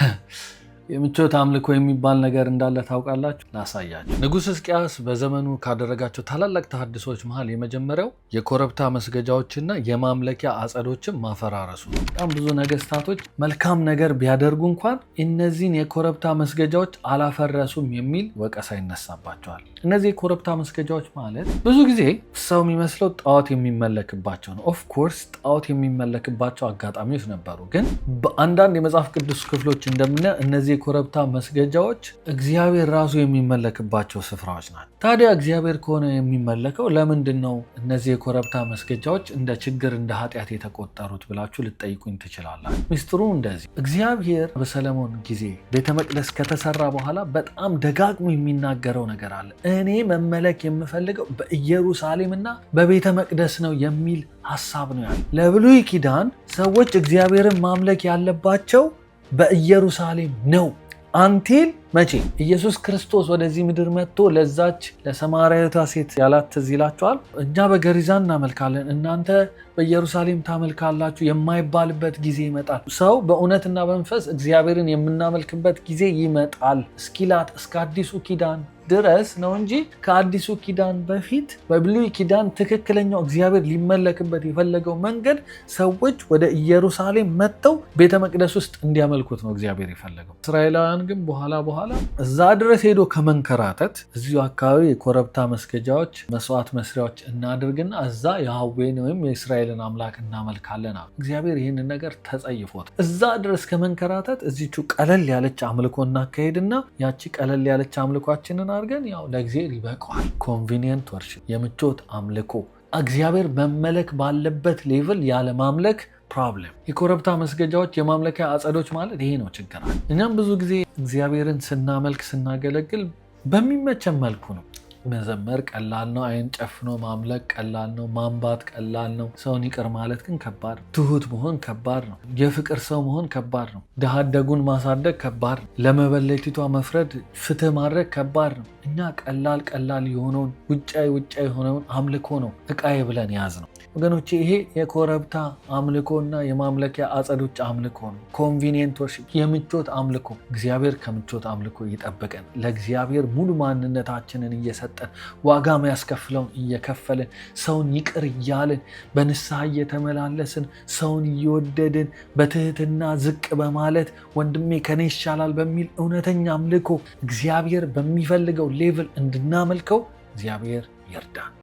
哼。የምቾት አምልኮ የሚባል ነገር እንዳለ ታውቃላችሁ? ላሳያችሁ። ንጉሥ ሕዝቅያስ በዘመኑ ካደረጋቸው ታላላቅ ተሐድሶች መሀል የመጀመሪያው የኮረብታ መስገጃዎችና የማምለኪያ አጸዶችን ማፈራረሱ። በጣም ብዙ ነገስታቶች መልካም ነገር ቢያደርጉ እንኳን እነዚህን የኮረብታ መስገጃዎች አላፈረሱም የሚል ወቀሳ ይነሳባቸዋል። እነዚህ የኮረብታ መስገጃዎች ማለት ብዙ ጊዜ ሰው የሚመስለው ጣዖት የሚመለክባቸው ነው። ኦፍ ኮርስ ጣዖት የሚመለክባቸው አጋጣሚዎች ነበሩ፣ ግን በአንዳንድ የመጽሐፍ ቅዱስ ክፍሎች እንደምናየው እነዚህ ኮረብታ መስገጃዎች እግዚአብሔር ራሱ የሚመለክባቸው ስፍራዎች ናቸው። ታዲያ እግዚአብሔር ከሆነ የሚመለከው ለምንድን ነው እነዚህ የኮረብታ መስገጃዎች እንደ ችግር፣ እንደ ኃጢአት የተቆጠሩት ብላችሁ ልጠይቁኝ ትችላላችሁ። ሚስጥሩ እንደዚህ እግዚአብሔር በሰለሞን ጊዜ ቤተ መቅደስ ከተሰራ በኋላ በጣም ደጋግሞ የሚናገረው ነገር አለ። እኔ መመለክ የምፈልገው በኢየሩሳሌምና በቤተ መቅደስ ነው የሚል ሀሳብ ነው ያለ። ለብሉይ ኪዳን ሰዎች እግዚአብሔርን ማምለክ ያለባቸው በኢየሩሳሌም ነው አንቲል መቼ ኢየሱስ ክርስቶስ ወደዚህ ምድር መጥቶ ለዛች ለሰማርያዊቷ ሴት ያላት ትዝ ይላችኋል? እኛ በገሪዛ እናመልካለን፣ እናንተ በኢየሩሳሌም ታመልካላችሁ የማይባልበት ጊዜ ይመጣል። ሰው በእውነትና በመንፈስ እግዚአብሔርን የምናመልክበት ጊዜ ይመጣል እስኪላት እስከ አዲሱ ኪዳን ድረስ ነው እንጂ ከአዲሱ ኪዳን በፊት በብሉይ ኪዳን ትክክለኛው እግዚአብሔር ሊመለክበት የፈለገው መንገድ ሰዎች ወደ ኢየሩሳሌም መጥተው ቤተ መቅደስ ውስጥ እንዲያመልኩት ነው እግዚአብሔር የፈለገው። እስራኤላውያን ግን በኋላ በኋላ በኋላ እዛ ድረስ ሄዶ ከመንከራተት እዚሁ አካባቢ የኮረብታ መስገጃዎች፣ መስዋዕት መስሪያዎች እናድርግና እዛ የሀዌን ወይም የእስራኤልን አምላክ እናመልካለን አሉ። እግዚአብሔር ይህንን ነገር ተጸይፎት እዛ ድረስ ከመንከራተት እዚቹ ቀለል ያለች አምልኮ እናካሄድና ያቺ ቀለል ያለች አምልኳችንን አድርገን ያው ለእግዚአብሔር ይበቃዋል። ኮንቪኒየንት ወርሽ የምቾት አምልኮ እግዚአብሔር መመለክ ባለበት ሌቭል ያለ ማምለክ ፕሮብለም። የኮረብታ መስገጃዎች፣ የማምለኪያ አጸዶች ማለት ይሄ ነው ችግራል። እኛም ብዙ ጊዜ እግዚአብሔርን ስናመልክ ስናገለግል በሚመቸን መልኩ ነው መዘመር ቀላል ነው። አይን ጨፍኖ ማምለክ ቀላል ነው። ማንባት ቀላል ነው። ሰውን ይቅር ማለት ግን ከባድ ነው። ትሁት መሆን ከባድ ነው። የፍቅር ሰው መሆን ከባድ ነው። ደሃደጉን ማሳደግ ከባድ ነው። ለመበለቲቷ መፍረድ፣ ፍትህ ማድረግ ከባድ ነው። እኛ ቀላል ቀላል የሆነውን ውጫዊ ውጫዊ የሆነውን አምልኮ ነው እቃዬ ብለን ያዝ ነው ወገኖች ይሄ የኮረብታ አምልኮ እና የማምለኪያ አጸዶች አምልኮ ነው። ኮንቪኒየንት ወርሺፕ፣ የምቾት አምልኮ። እግዚአብሔር ከምቾት አምልኮ ይጠብቀን። ለእግዚአብሔር ሙሉ ማንነታችንን እየሰ እየሰጠን ዋጋ ያስከፍለውን እየከፈልን ሰውን ይቅር እያልን በንስሐ እየተመላለስን ሰውን እየወደድን በትህትና ዝቅ በማለት ወንድሜ ከኔ ይሻላል በሚል እውነተኛ አምልኮ እግዚአብሔር በሚፈልገው ሌቭል እንድናመልከው እግዚአብሔር ይርዳን።